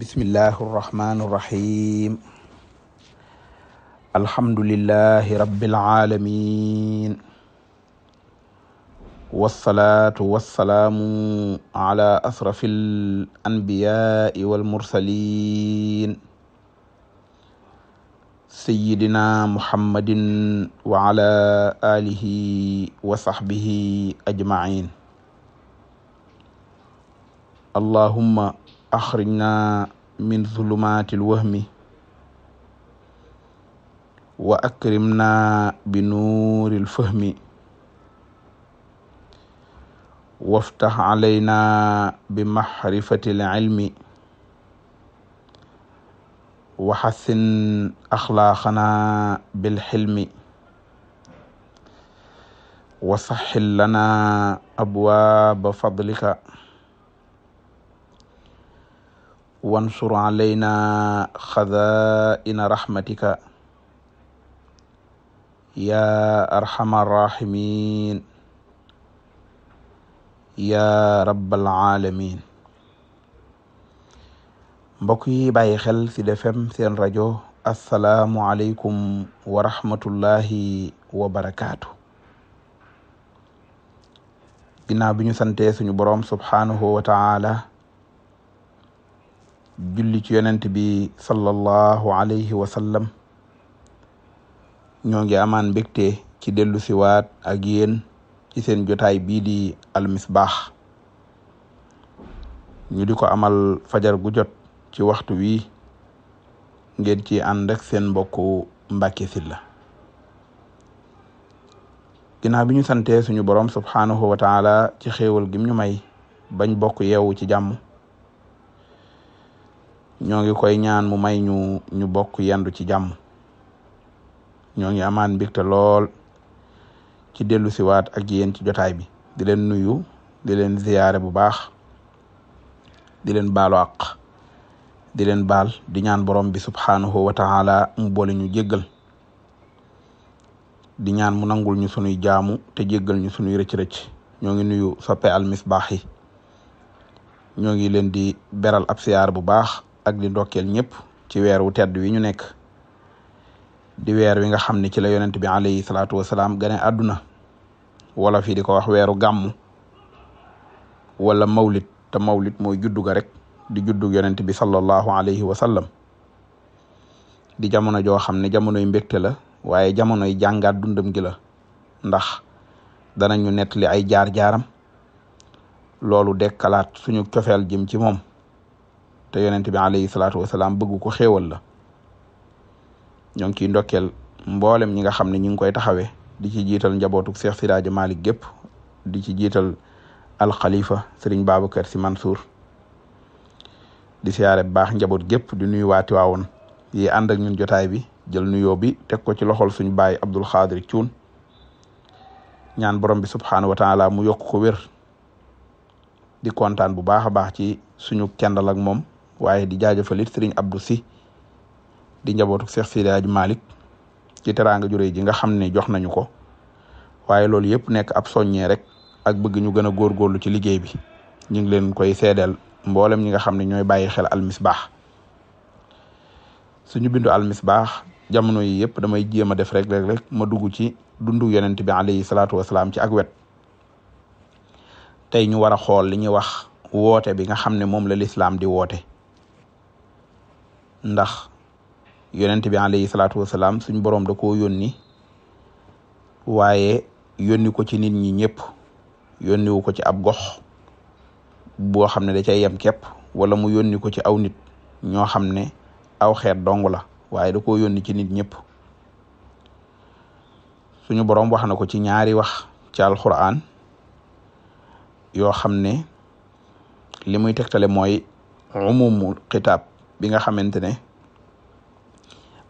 bismillahi arrahmani irrahim alhamdulillahi rabbil alamin wasalaatu wasalaamu ala asrafil anbiyaai wal mursalin sayyidina muhammadin wa ala alihi wa sahbihi ajmain allahumma axrijna min zulumaati lwahmi wa akrimna bi nuuri lfahmi waftax calayna bi maxrifati lcilmi wa xasin axlaaqana bilxilmi wa saxil lana abwaaba fadlika wansur alayna xazaa'ina rahmatika yaa arhamar rahimin yaa rabbal alamin mbokk yi bàyyi xel ci Sud FM seen rajo asalaamualeykum wa rahmatullahi wa barakaatu ginnaaw bi ñu santee suñu boroom subhaanahu wa julli ci yonent bi sallallahu alayhi wa ñoo ngi amaan mbégte ci dellu siwaat ak yéen ci seen jotaay bii di almisbaax ñu di ko amal fajar gu jot ci waxtu wi ngeen ci ànd seen mbokku Mbacke Sylla ginnaaw bi ñu santee suñu borom subhaanahu wa ci xéewal gim ñu may bañ bokk yeewu ci jàmm ñoo ngi koy ñaan mu may ñu ñu bokk yendu ci jàmm ñoo ngi amaan mbégte lool ci dellu siwaat ak yéen ci jotaay bi di leen nuyu di leen ziyaare bu baax di leen baalu àq di leen baal di ñaan borom bi subhaanahu wa taala mu boole ñu jéggal di ñaan mu nangul ñu sunuy jaamu te jéggal ñu sunuy rëcc-rëcc ñoo ngi nuyu soppe al misbaax yi ñoo ngi leen di beral ab siyaar bu baax ak di ndokkeel ñëpp ci weer wu tedd wi ñu nekk di weer wi nga xam ne ci la yonent bi alayhi salaatu wasalaam gane àdduna wala fii di ko wax weeru gàmmu wala mawlit te mawlit mooy juddu rek di juddu yonent bi sallallahu alayhi wa sallam di jamono joo xam ne jamonoy mbégte la waaye jamonoy jàngaat dundam gi la ndax danañu li ay jaar-jaaram loolu dekkalaat suñu cofeel jëm ci moom te yonent bi alayhi salaatu wasalaam bëgg ko xéewal la ñoo ngi ciy mboolem ñi nga xam ne ñu ngi koy taxawee di ci jiital njabootu Cheikh Siraaji Malik gépp di ci jiital alxalifa Serigne Babacar Sy Mansour di siyaare bu baax njaboot gépp di nuyu waati waawoon yi ànd ak ñun jotaay bi jël nuyoo bi teg ko ci loxol suñu baay Abdul Xaadir Cuun ñaan borom bi subxanahu wa taala mu yokk ko wér di kontaan bu baax a baax ci suñu kendal ak moom waaye di jaajëfal it Serigne Abdou Sy di njabootu Cheikh Sidi Hadj Malick ci teraanga ju ji nga xam ne jox nañu ko waaye loolu yëpp nekk ab soññee rek ak bëgg ñu gën a góorgóorlu ci liggéey bi ñu ngi leen koy seedeel mboolem ñi nga xam ne ñooy bàyyi xel almisbaax suñu bindu almisbaax jamono yi yëpp damay jéem a def rek rek rek ma dugg ci dundu yonent bi alayhi salaatu wasalaam ci ak wet tey ñu war a xool li ñuy wax woote bi nga xam ne moom la lislaam di woote ndax yonent bi alayhi salaatu salaam suñ borom da koo yónni waaye yónni ko ci nit ñi ñëpp yónniwu ko ci ab gox boo xam ne da cay yem képp wala mu yónni ko ci aw nit ñoo xam ne aw xeet dong la waaye da koo yónni ci nit ñëpp suñu borom wax na ko ci ñaari wax ci alxuraan yoo xam ne li muy tegtale mooy umumul xitaab bi nga xamante ne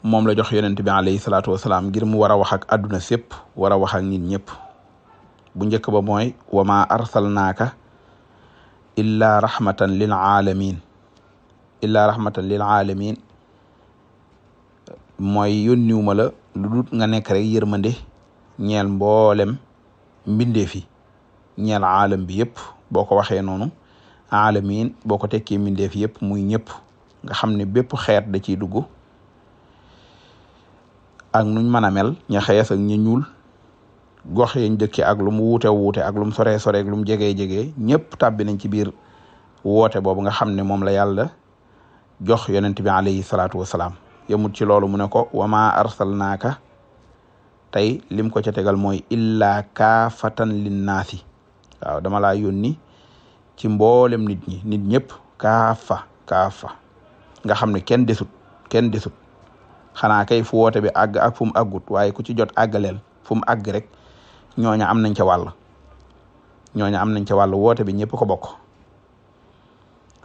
moom la jox yonent bi alayhi salaatu wasalaam ngir mu war a wax ak adduna sépp war a wax ak nit ñëpp bu njëkk ba mooy wa ma arsalnaaka illaa rahmatan lil aalamin illaa rahmatan lil aalamin mooy yónniwuma la lu dut nga nekk rek yërmande ñeel mboolem mbindeef ñeel aalam bi yëpp boo ko waxee noonu aalamin boo ko tekkee mbindeef yëpp muy ñëpp nga xam ne bépp xeet da ciy dugg ak nuñ mën a mel ña xees ak ña ñuul gox yañ dëkke ak lu mu wuute wuute ak lu mu soree soree ak lu mu jegee jegee ñëpp tàbbi nañ ci biir woote boobu nga xam ne moom la yàlla jox yonent bi alayhi salaatu wasalaam yemut ci loolu mu ne ko wama arsalnaaka tey lim ko ca tegal mooy illaa kaafatan linnaasi waaw dama laa yónni ci mboolem nit ñi nit ñëpp kaafa kaafa nga xam ne kenn desut kenn desut xanaa kay fu woote bi àgg ak fu mu àggut waaye ku ci jot àggaleel fu mu àgg rek ñooña am nañ ca wàll ñooña am nañ ca wàll woote bi ñëpp ko bokk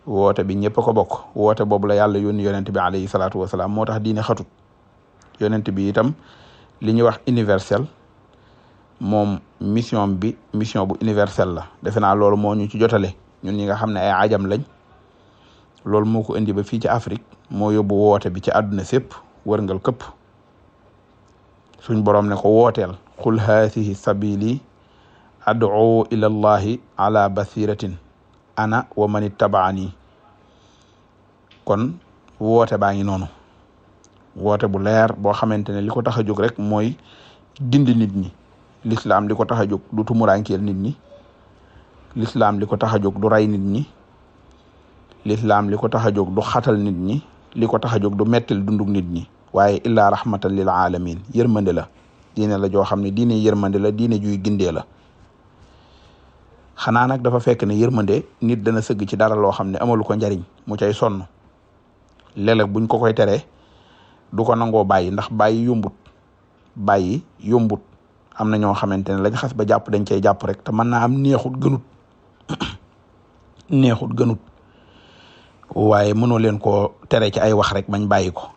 woote bi ñëpp ko bokk woote boobu la yàlla yónni yonent bi alayhi salaatu wasalaam moo tax diine xatut yonent bi itam li ñuy wax universel moom mission bi mission bu universel la defe naa loolu moo ñu ci jotale ñun ñi nga xam ne ay ajam lañ loolu moo ko indi ba fii ci Afrique moo yóbbu woote bi ci àdduna sépp wërngal këpp suñ borom ne ko wooteel qul haathihi sabili ad'u ila allahi ala basiratin ana wa man ittabaani kon woote baa ngi noonu woote bu leer boo xamante ne li ko tax a jóg rek mooy gindi nit ñi l'islam li ko tax a jóg du tumuraankeel nit ñi l'islam li ko tax a jóg du ray nit ñi lislaam li ko tax a jóg du xatal nit ñi li ko tax a jóg du mettil dundug nit ñi waaye illaa rahmatan lil alamin yërmande la diine la joo xam ne diine yërmande la diine juy gindee la xanaa nag dafa fekk ne yërmande nit dana sëgg ci dara loo xam ne amalu ko njariñ mu cay sonn léeg buñ ko koy teree du ko nangoo bàyyi ndax bàyyi yombut bàyyi yombut am na ñoo xamante ne lañ xas ba jàpp dañ cay jàpp rek te mën naa am neexut gënut neexut gënut waaye mënoo leen koo tere ci ay wax rek bañ bàyyi ko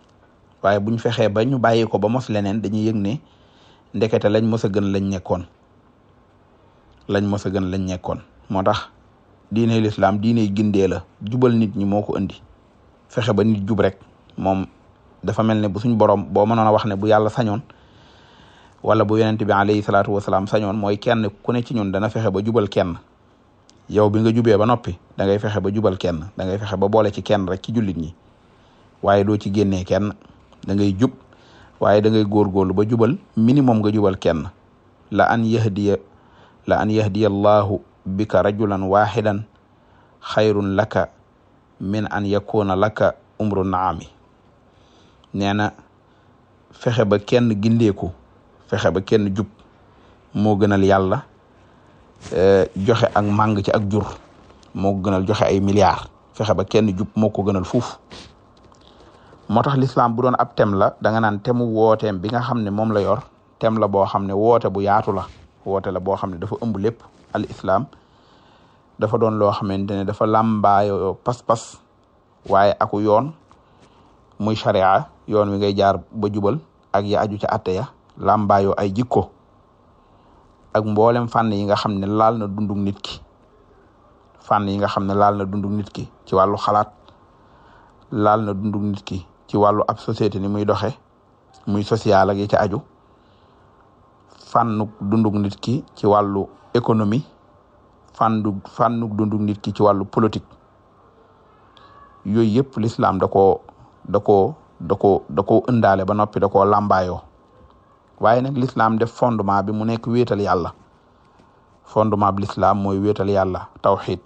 waaye buñ fexee ba ñu bàyyi ko ba mos leneen dañuy yëg ne ndekete lañ mos a gën lañ nekkoon lañ mos a gën lañ nekkoon moo tax diine lislaam diine gindee la jubal nit ñi moo ko indi fexe ba nit jub rek moom dafa mel ne bu suñ borom boo mënoon a wax ne bu yàlla sañoon wala bu yonent bi alayhi salaatu wasalaam sañoon mooy kenn ku ne ci ñun dana fexe ba jubal kenn yow bi nga jubee ba noppi da fexe ba jubal kenn da ngay fexe ba boole ci kenn rek ci jullit ñi waaye doo ci génnee kenn dangay jub waaye dangay ngay góorgóorlu ba jubal minimum nga jubal kenn la an yahdiya la an yahdiya allahu bika rajulan waxidan xayrun laka min an yakuna laka umru naami nee na fexe ba kenn gindeeku fexe ba kenn jub moo gënal yàlla Eh, joxe ak màng ci ak jur moo ko gënal joxe ay milliards fexe ba kenn jub moo ko gënal fuuf moo tax lislaam bu doon ab tem la da nga naan temu wooteem bi nga xam ne moom la yor tem la boo xam ne woote bu yaatu la woote la boo xam ne dafa ëmb lépp al islaam dafa doon loo xamante ne dafa làmbaayoo pas-pas waaye aku yoon muy sharia yoon wi ngay jaar ba jubal ak ya aju ca atte ya làmbaayoo ay jikko ak mboolem fànn yi nga xam ne laal na dundug nit ki fànn yi nga xam ne laal na dundug nit ki ci wàllu xalaat laal na dundug nit ki ci wàllu ab société ni muy doxe muy social ak yi ca aju fànnuk dundug nit ki ci wàllu économie fàndu fànnuk dundug nit ki ci wàllu politique yooyu yëpp l'islam da koo da ko da ko da koo ëndaale ba noppi da koo làmbaayoo waaye nag l'islam def fondement bi mu nekk wéetal yàlla fondement bi l'islam mooy wéetal yàlla tawxid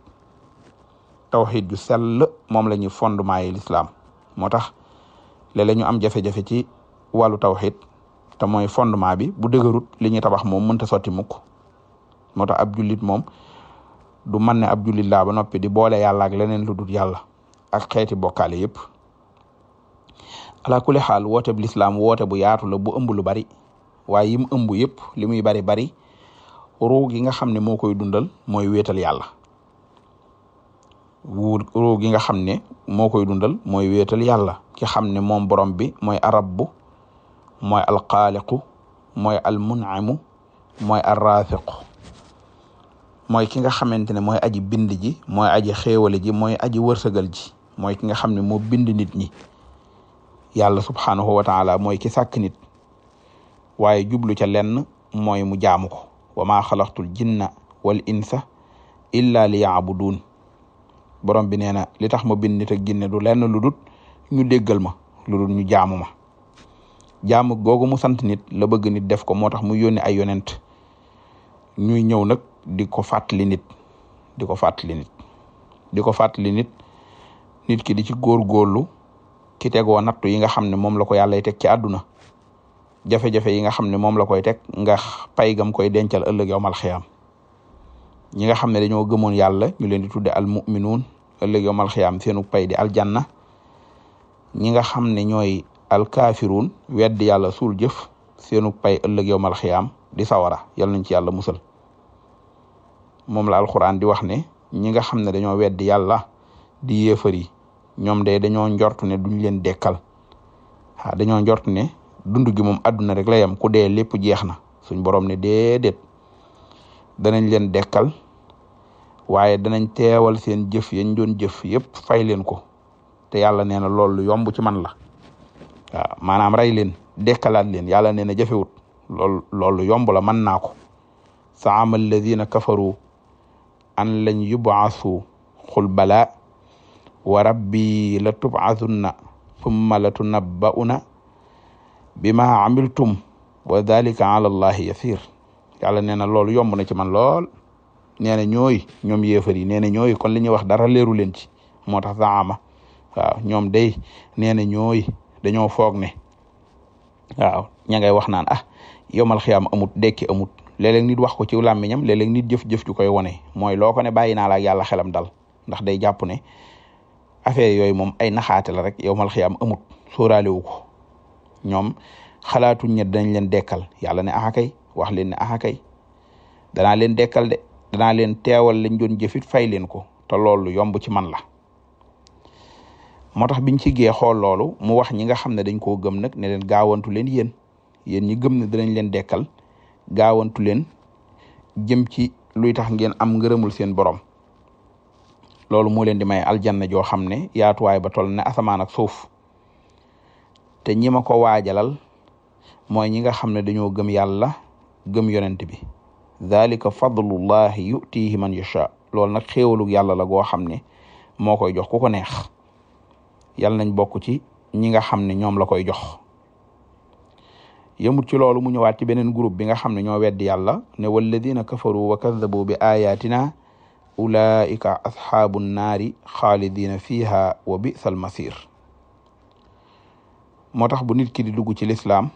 tawxid ju sell moom la ñuy fondement yi l'islam moo tax le léeg am jafe-jafe ci wàllu tawxid te mooy fondement bi bu dëgërut li ñuy tabax moom mënta sotti mukk moo tax ab julit moom du man ne ab julit laa ba noppi di boole yàlla ak leneen lu dul yàlla ak xeeti bokkaale yépp ala kulli xaal woote bu lislaam woote bu yaatu la bu ëmb lu bari waaye yim ëmb yëpp li muy bari bari ruu gi nga xam ne moo koy dundal mooy wéetal yàlla wu ruu gi nga xam ne moo koy dundal mooy wéetal yàlla ki xam ne moom borom bi mooy arabbu mooy alxaaliqu mooy almunaamu mooy arrafiqu mooy ki nga xamante ne mooy aji bind ji mooy aji xéewale ji mooy aji wërsëgal ji mooy ki nga xam ne mo bind nit ñi yàlla subhaanahu wa taala mooy ki sàkk nit waaye jublu ca lenn mooy mu jaamu ko wa maa xalaqtul jinna wal insa illa li yaabuduun borom bi nee na li tax ma bind nit ak jinne du lenn lu dut ñu déggal ma lu ñu jaamu ma jaamu googu mu sant nit la bëgg nit def ko moo tax mu yónni ay yonent ñuy ñëw nag di ko fàttali nit di ko fàttali nit di ko fàttali nit nit ki di ci góorgóorlu ki tegoo nattu yi nga xam ne moom la ko yàlla teg ci àdduna jafe-jafe yi nga xam ne moom la koy teg nga pay gam koy dencal ëllëg yowmal xiyaam ñi nga xam ne dañoo gëmoon yàlla ñu leen di tudde al muminuun ëllëg yowmal xiyaam seenu pay di aljanna ñi nga xam ne ñooy al kaafiruun weddi yàlla suul jëf seenu pay ëllëg yowmal xiyaam di sawara yal nañ ci yàlla musal moom la alquran di wax ne ñi nga xam ne dañoo weddi yàlla di yéefar yi ñoom de dañoo njort ne duñ leen dekkal ah dañoo njort ne dund gi moom àdduna rek la yam ku dee lépp jeex na suñ borom ne déedéet danañ leen dekkal waaye danañ teewal seen jëf yañ doon jëf yëpp fay leen ko te yàlla nee na loolu yomb ci man la waaw maanaam rey leen dekkalaat leen yàlla nee na jafewut loolu loolu yomb la mën naa ko saama alladina kafaru an lañ yubaasu xul bala wa rabbi la tubaasunna summa la tunabbauna bima amiltum wa dalika ala allahi yasir yàlla nee na loolu yomb na ci man lool nee na ñooy ñoom yéefar yi nee na ñooy kon li ñuy wax dara leeru leen ci moo tax zaama waaw ñoom day nee na ñooy dañoo foog ne waaw ña ngay wax naan ah yomal xiyaam amut dekki amut léeg-léeg nit wax ko ci làmmiñam léeg-léeg nit jëf-jëf ju koy wone mooy loo ko ne bàyyi naa la yàlla xelam dal ndax day jàpp ne affaire yooyu moom ay naxaate la rek yomal xiyaam amut sóoraale wu ko ñoom xalaatuñ ne dañ leen dekkal yàlla ne axa wax leen ne axa kay danaa leen dekkal de danaa leen teewal lañ doon jëfit fay leen ko te loolu yomb ci man la moo tax biñ ci gee xool loolu mu wax ñi nga xam ne dañ koo gëm nag ne leen gaawantu leen yéen yéen ñi gëm ne danañ leen dekkal gaawantu leen jëm ci luy tax ngeen am ngërëmul seen borom loolu moo leen di may aljanna joo xam ne yaatuwaay ba toll ne asamaan ak suuf te ñi ma ko waajalal mooy ñi nga xam ne dañoo gëm yàlla gëm yonent bi dalika fadlullahi yutihi man yasha loolu nag xéewalug yàlla la goo xam ne moo koy jox ku ko neex yàlla nañ bokk ci ñi nga xam ne ñoom la koy jox yëmut ci loolu mu ñëwaat ci beneen group bi nga xam ne ñoo weddi yàlla ne walladina kafaru wa kaddabu bi ayatina ulaika asxaabu nnaari xaalidina fiha wa bisa almasir moo tax bu nit ki di dugg ci lislaam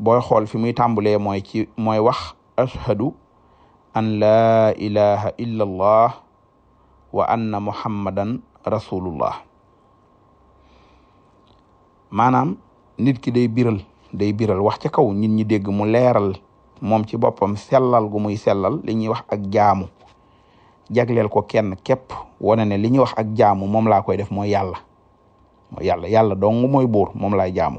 booy xool fi muy tàmbulee mooy ci mooy wax ashhadu an laa ilaha illa allah wa anna muhammadan rasulullah maanaam nit ki day biral day biral wax ci kaw nit ñi dégg mu leeral moom ci boppam sellal gu muy sellal li ñuy wax ak jaamu jagleel ko kenn képp wane ne li ñuy wax ak jaamu moom laa koy def mooy yàlla yàlla yàlla dong mooy buur moom laay jaamu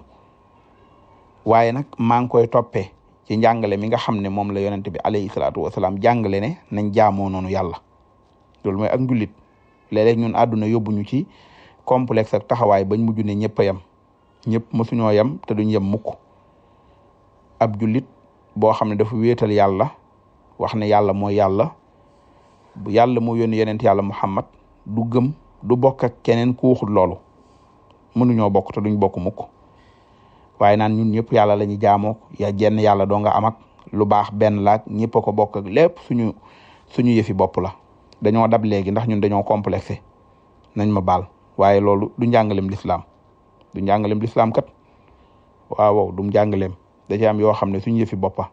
waaye nag maa ngi koy toppe ci njàngale mi nga xam ne moom la yonent bi alayhi salaatu wasalaam jàngale ne nañ jaamoo noonu yàlla loolu mooy ak njullit léeg-léeg ñun àdduna yóbbuñu ci complexe ak taxawaay bañ mujj ne ñëpp a yem ñëpp mësuñoo yem te duñ yem mukk ab jullit boo xam ne dafa wéetal yàlla wax ne yàlla mooy yàlla bu yàlla moo yónni yonent yàlla muhammad du gëm du bokk ak keneen ku waxul loolu mënuñoo bokk te duñ bokk mukk waaye naan ñun ñëpp yàlla la ñuy jaamoo ya jenn yàlla doo nga am lu baax benn laag ñëpp ko bokk ak lépp suñu suñu yëfi bopp la dañoo dab léegi ndax ñun dañoo complexé nañ ma baal waaye loolu du njàngalem lislam du njàngalem lislaam kat waaw du njàngaleem da ci am yoo xam ne suñu yëfi boppa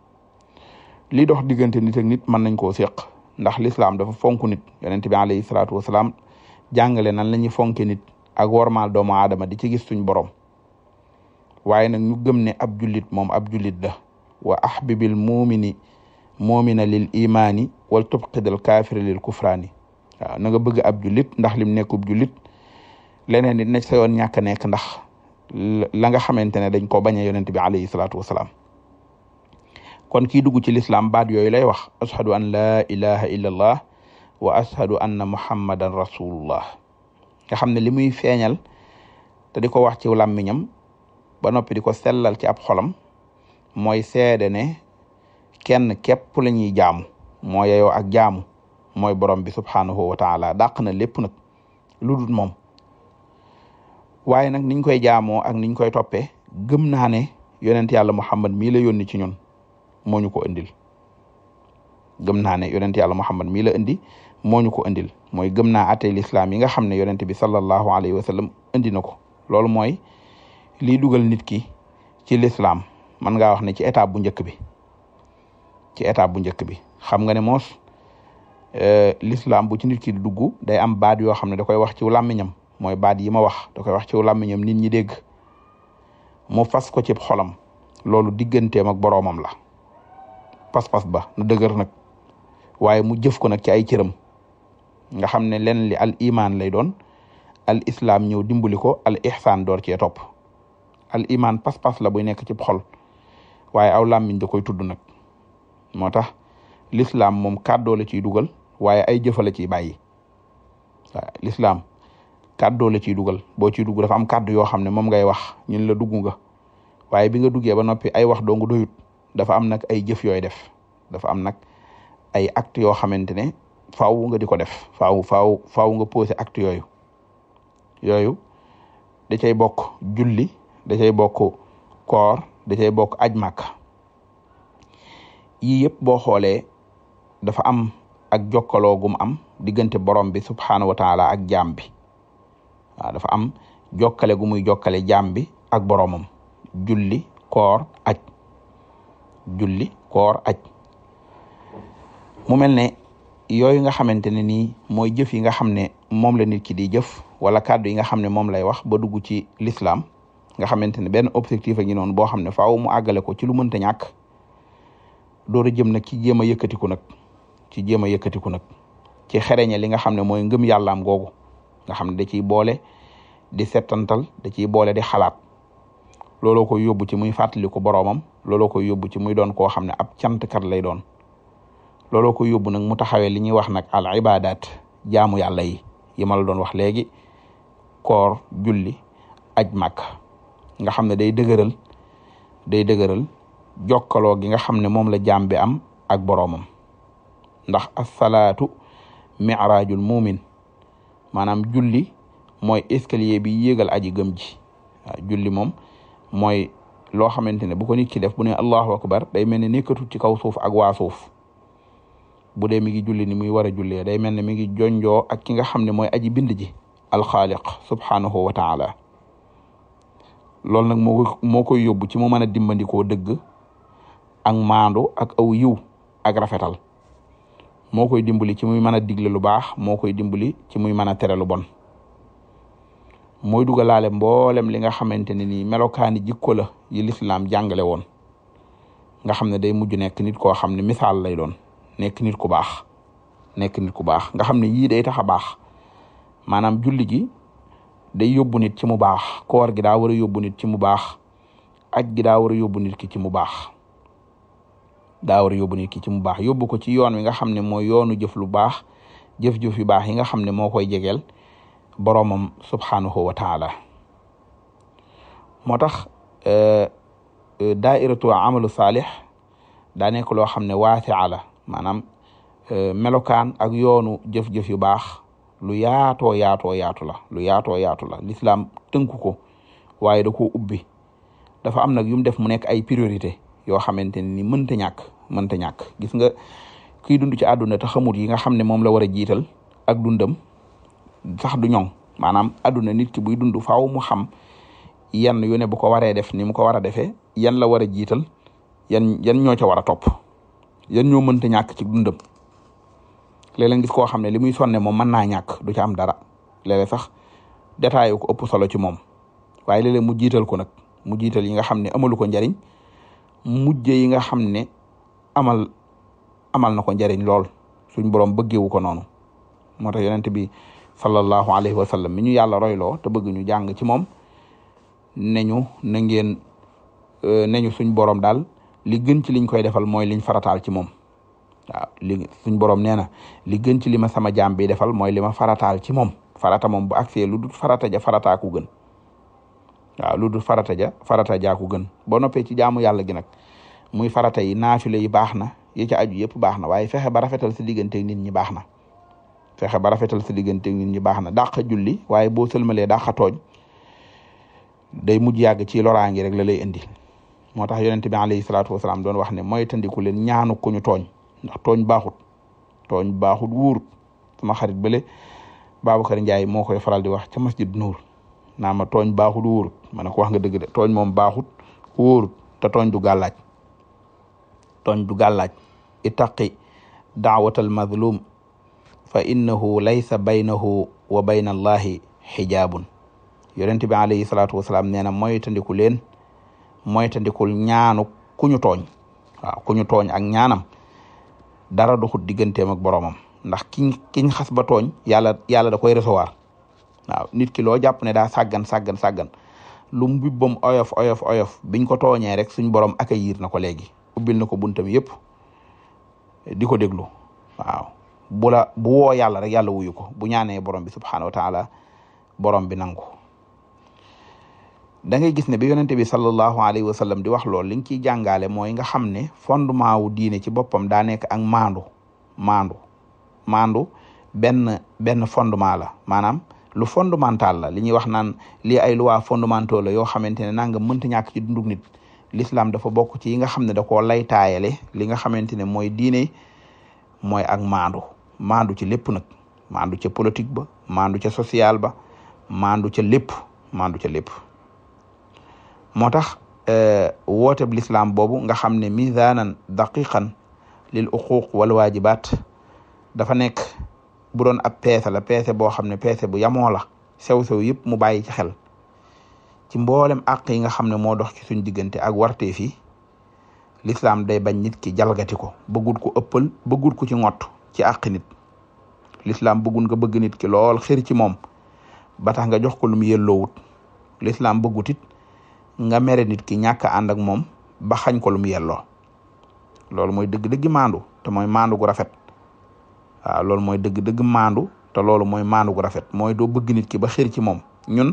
li dox diggante nit ak nit mën nañ koo séq ndax lislaam dafa fonk nit yonent bi alayhi salaatu wasalaam jàngale nan la ñuy fonke nit ak wormaal doomu aadama di ci gis suñ borom waaye nag ñu gëm ne ab jullit moom ab jullit la wa ahbibil muumini muumina lil imaani wal tubqidal kaafira lil kufraani na nga bëgg ab jullit ndax lim nekkub jullit leneen it na sa yoon nekk ndax la nga xamante ne dañ ko bañee yonent bi alayhi salaatu wasalaam kon kii dugg ci lislaam baat yooyu lay wax ashhadu an laa ilaha wa ashhadu anna muhammadan rasulullah nga xam ne li muy feeñal te di ko wax ci làmmiñam ba noppi di ko sellal ci ab xolam mooy seede ne kenn képp la ñuy jaamu moo yeyoo ak jamu mooy borom bi subhaanahu wa taala dàq na lépp nag lu dul moom waaye nag niñ koy jaamoo ak niñ koy toppee gëm naa ne yonent yàlla muhammad mii la yónni ci ñun moo ko indil gëm naa ne yonent yàlla muhammad mii la indi moo ñu ko indil mooy gëm naa atey lislaam yi nga xam ne yonent bi sallallahu alayhi wa sallam indi na ko loolu mooy liy dugal nit ki ci lislaam man ngaa wax ne ci étape bu njëkk bi ci étape bu njëkk bi xam nga ne moos e, lislaam bu ci nit ki dugg day am baat yoo xam ne da koy wax ci làmmiñam mooy baat yi ma wax da koy wax ci làmmiñam nit ñi dégg mu fas ko ci xolam loolu digganteem ak boroomam la pas-pas ba na dëgër nag waaye mu jëf ko nag ci ay cëram nga xam ne len li al iman lay doon al islam ñëw dimbali ko al ihsan door cee topp al iman pas-pas la buy nekk ci xol waaye aw làmmiñ da koy tudd nag moo tax l'islam moom kàddoo la ciy dugal waaye ay jëfa la ciy bàyyi waaw l'islam kàddoo la ciy dugal boo ciy dugg dafa am kàddu yoo xam ne moom ngay wax ñun la dugg nga waaye bi nga duggee ba noppi ay wax dong doyut dafa am nag ay jëf yooy def dafa am nag ay act yoo xamante ne faaw nga di ko def faaw faaw nga posé acte yooyu yooyu da cay bokk julli da cay bokk koor da cay bokk aj màkk yii yëpp boo xoolee dafa am ak jokkaloo gum am diggante borom bi subhaanahu wa taala ak jaam bi dafa am jokkale gu muy jokkale jaam bi ak boromam julli koor aj julli koor aj mu mel yooyu nga xamante ne nii mooy jëf yi nga xam ne moom la nit ki di jëf wala kàddu yi nga xam ne moom lay wax ba dugg ci lislaam nga xamante ne benn objectif a ngi noonu boo xam ne faaw mu àggale ko ci lu mënta ñàkk door a jëm nag ci jéem a yëkkatiku nag ci jéem a yëkkatiku nag ci xereñe li nga xam ne mooy ngëm yàllaam googu nga xam ne da ciy boole di settantal da ciy boole di xalaat looloo koy yóbbu ci muy fàttaliku boromam looloo koy yóbbu ci muy doon koo xam ne ab cantkat lay doon looloo ko yóbbu nag mu taxawee li ñuy wax nag al ibadat jamu yàlla yi yi ma la doon wax léegi koor julli aj màkk nga xam ne day dëgëral day dëgëral jokkaloo gi nga xam ne moom la jaam bi am ak boroomam ndax asalaatu miraajul muumin maanaam julli mooy escalier bi yéegal aji gëm ji waaw julli moom mooy loo xamante ne bu ko nit def bu ne allahu akbar day mel ne nekkatul ci kaw suuf ak waa suuf bu dee mi ngi julli ni muy war a jullee day mel ne mi ngi jonjoo ak ki nga xam ne mooy aji bind ji alxaaliq subhaanahu wa taala loolu nag moo koy yóbbu ci mu mën a dimbandikoo dëgg ak maandu ak aw yiw ak rafetal moo koy dimbali ci muy mën a digle lu baax moo koy dimbali ci muy mën a tere lu bon mooy dugalaale mboolem li nga xamante ne nii melokaani jikko la yi lislaam jàngale woon nga xam ne day mujj nekk nit koo xam ne misaal lay doon nekk nit ku baax nekk nit ku baax nga xam ne yii day tax a baax maanaam julli gi day yóbbu nit ci mu baax koor gi daa war a yóbbu nit ci mu baax aj gi daa war a yóbbu nit ki ci mu baax daa war a yóbbu nit ci mu baax yóbbu ko ci yoon wi nga xam ne mooy yoonu jëf lu baax jëf-jëf yu baax yi nga xam ne moo koy jegeel boroomam subhaanahu wa taala moo tax eh, eh, daairatu amalu saalix daa nekk loo xam ne waasi'a la maanaam euh, melokaan ak yoonu jëf-jëf yu baax lu yaatoo yaatoo yaatu la lu yaatoo yaatu la lislaam tënku ko waaye da ko ubbi dafa am nag yu mu def mu nekk ay priorité yoo xamante ni mënta ñàkk mënta ñàkk gis nga kiy dund ci àdduna ta xamut yi nga xam ne moom la war a jiital ak dundam sax du ñoŋ maanaam àdduna nit ki buy dund faaw mu xam yan yu ne bu ko waree def ni mu ko war a defee yan la war a jiital yan yan ñoo ca war a topp yan ñoo mënta ñàkk ci dundam léeg-léeg gis koo xam ne li muy sonne moom mën naa ñàkk du ci am dara léeg-léeg sax détaillé ko ëpp solo ci moom waaye léeg-léeg mu jiital ko nag mu jiital yi nga xam ne amalu ko njariñ mujje yi nga xam ne amal amal na ko njariñ lool suñ borom bëggewu ko noonu moo tax yonent bi sallallahu alayhi wa sallam mi ñu yàlla royloo te bëgg ñu jàng ci moom ne ñu na ngeen euh, ne suñ borom daal li gën ci liñ koy defal mooy liñ faratal ci moom waaw li suñ borom nee na li gën ci li ma sama jaam bi defal mooy li ma farataal ci moom farata moom bu ak lu dul farata ja farataa ku gën waaw lu farata ja farata jaa ku gën boo noppee ci jaamu yàlla gi nag muy farata yi naafile yi baax na yi ca aju yëpp baax na waaye fexe ba rafetal sa digganteeg nit ñi baax na fexe ba rafetal sa digganteeg nit ñi baax na dàq julli waaye boo sëlmalee dàq tooñ day muj yàgg ci ngi rek la lay indi moo tax yonent bi alayhi salaatu wasalaam doon wax ne mooy tandiku leen ñaanu ko ñu tooñ ndax tooñ baaxut tooñ baaxut wuurut sama xarit bële Babacar Ndiaye moo koy faral di wax ca masjid nuur naa ma tooñ baaxut wuurut ma ne ko wax nga dëgg de tooñ moom baaxut wuurut te tooñ du gàllaaj tooñ du gàllaaj itaqi daawatal mazlum fa innahu laysa baynahu wa bayna allahi xijaabun yonent bi alayhi salaatu wasalaam nee na mooy tandiku leen moytandikul ñaanu ku ñu tooñ ku ñu tooñ ak ñaanam dara doxut digganteem ak boromam ndax kiñ kiñ xas ba tooñ yàlla yàlla da koy recevoir waaw nit ki loo jàpp ne daa sàggan sàggan sàggan lu oyof oyof oyof biñ ko tooñee rek suñ borom ak a yiir na ko léegi ubbil na ko buntam yëpp di ko déglu waaw bu la bu woo yàlla rek yàlla wuyu ko bu ñaanee borom bi subhaanahu wa taala borom bi nangu da ngay gis ne bi yonente bi sallallahu alayhi wa sallam di wax lool li nga ciy jàngaale mooy nga xam ne fondement wu diine ci boppam daa nekk ak maandu maandu maandu benn benn fondement la maanaam lu fondamental la li ñuy wax naan lii ay loi fondamentaux la yoo xamante ne nanga mënta ñàkk ci dundug nit l'islam dafa bokk ci yi nga xam ne da koo lay taayale li nga xamante ne mooy diine mooy ak maandu maandu ci lépp nag maandu ca politique ba maandu ca social ba maandu ca lépp maandu ca lépp moo tax euh, wooteb lislaam boobu nga xam ne mizanan daqiqan lil uquq wal waajibaat dafa nekk bu doon ab peese la peese boo xam ne peese bu yamoo la sew-sew yëpp mu bàyyi ci xel ci mboolem àq yi nga xam ne moo dox ci suñ diggante ak warte fi lislaam day bañ nit ki jalgati ko bëggul ko ëppal bëggul ko ci ngott ci àq nit lislaam bëggun nga bëgg nit ki lool xër ci moom batax nga jox ko lu mu yelloowut lislaam bëggut nga mere nit ki ñàkk ànd ak moom ba xañ ko lu mu yelloo loolu mooy dëgg-dëgg maandu te mooy maandu gu rafet loolu mooy dëgg-dëgg maandu te loolu mooy maandu gu rafet mooy do bëgg nit ki ba xër ci moom ñun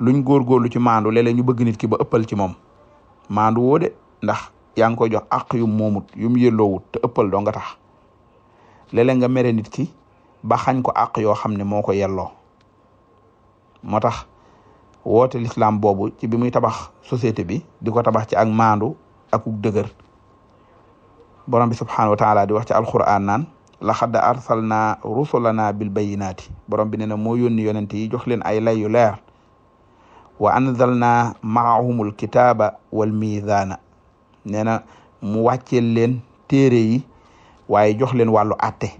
luñ góorgóorlu ci maandu léeg ñu bëgg nit ki ba ëppal ci moom maandu woo ndax yaa ngi koy jox àq yu moomut yu mu yelloowut te ëppal doo nga tax léeg nga mere nit ki ba xañ ko àq yoo xam ne moo ko yelloo moo tax woote lislam boobu ci bi muy tabax société bi di ko tabax ci ak maandu ak dëgër borom bi subhaanahu wa taala di wax ci alquran naan laxad arsalna rusulana bil bayinaati borom bi ne na moo yónni yonent yi jox leen ay lay yu leer wa anzalna maahumul kitaaba wal miizaana nee na mu wàcceel leen téere yi waaye jox leen wàllu atte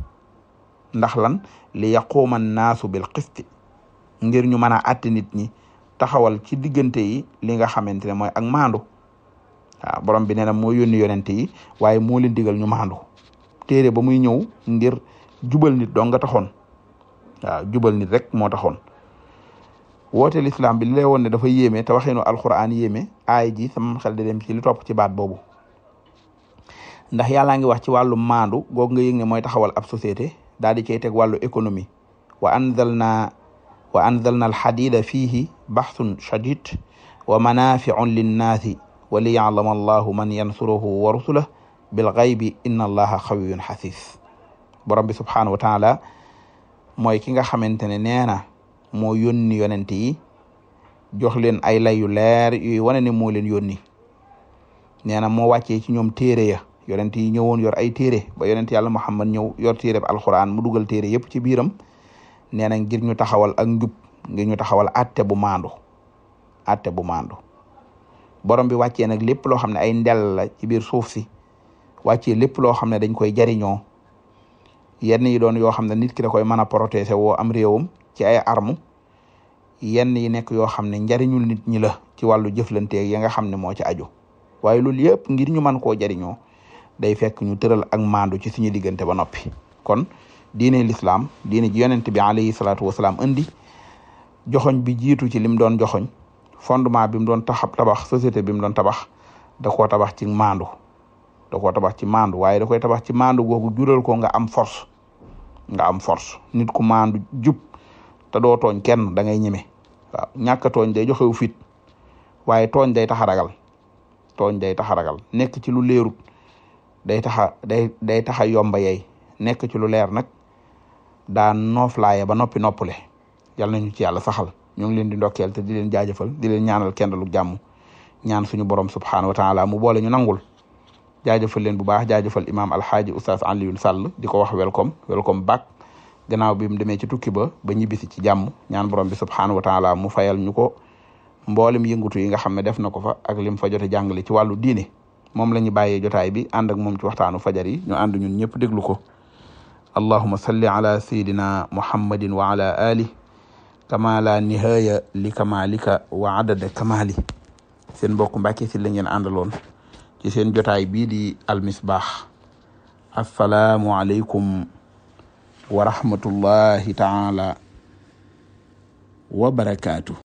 ndax lan li yaquuma annaasu bil qisti ngir ñu mën a atte nit ñi taxawal ci diggante yi li nga xamante ne mooy ak maandu waaw borom bi nee na moo yónni yonente yi waaye moo leen digal ñu maandu téere ba muy ñëw ngir jubal nit dong nga taxoon waaw jubal nit rek moo taxoon wooteel islam bi li lay woon ne dafa yéeme te waxee nu alquran yéeme aay ji sama xel di dem ci li topp ci baat boobu ndax yàllaa ngi wax ci wàllu maandu googu nga yëg ne mooy taxawal ab société daal di cay teg wàllu économie wa anzalna wa anzalna alxadida fihi baxsun shadid wa manafiun linnaasi wa liyaalama allahu man yansuruhu wa rusulahu bilxaybi inna allaha xawiyun xasis borom bi subhaanahu wa taala mooy ki nga xamante ne nee na moo yi jox leen ay lay yu leer yuy wane ne moo leen yónni nee na moo wàccee ci ñoom téere ya yonent yi ñëwoon yor ay téere ba yonent yàlla muhammad ñëw yor téere bi mu dugal yëpp ci biiram nee na ngir ñu taxawal ak njub ngir ñu taxawal ate bu maandu atte bu maandu borom bi wàccee nag lépp loo xam ne ay ndel la ci biir suuf si wàccee lépp loo xam ne dañ koy jariñoo yenn yi doon yoo xam ne nit ki da koy mën a protéger woo am réewam ci ay armes yenn yi nekk yoo xam ne njariñul nit ñi la ci wàllu jëflanteeg ya nga xam ne moo ci aju waaye loolu yëpp ngir ñu mën koo jariñoo day fekk ñu tëral ak maandu ci suñu diggante ba noppi dine lislaam dine ji yonent bi alayhi salaatu wasalaam indi joxoñ bi jiitu ci lim doon joxoñ fondement bi mu doon taxab tabax société bi mu doon tabax da ko tabax ci maandu da ko tabax ci maandu waaye da koy tabax ci maandu googu jural ko nga am force nga am force nit ku maandu jub te doo tooñ kenn da ngay ñeme waaw tooñ day joxewu fit waaye tooñ day tax a ragal tooñ day tax a ragal nekk ci lu leeru day taxa day day taxa yomba yey nekk ci lu leer nag daa nooflaaye ba noppi noppule yal nañu ci yàlla saxal ñoo ngi leen di ndokkeel te di leen jaajëfal di leen ñaanal kenn jàmm ñaan suñu borom subhaanahu wa taala mu boole ñu nangul jaajëfal leen bu baax jaajëfal imaam alxaaji oustaz Alioune Sall di ko wax welcome welcome back gannaaw bi mu demee ci tukki ba ba ñibbisi ci jàmm ñaan borom bi subhaanahu wa taala mu fayal ñu ko mboolem yëngutu yi nga xam ne def na ko fa ak lim fa jote jàngale ci wàllu diine moom la ñu bàyyee jotaay bi ànd ak moom ci waxtaanu fajar yi ànd ñun ñëpp déglu ko allahuma salli ala sayidina muhammadin wa ala ali kama nihaya li wa adada kamali seen mbokk Mbàkke si la ngeen àndaloon ci seen jotaay bii di almisbaax assalaamu aleykum wa rahmatullahi taala wa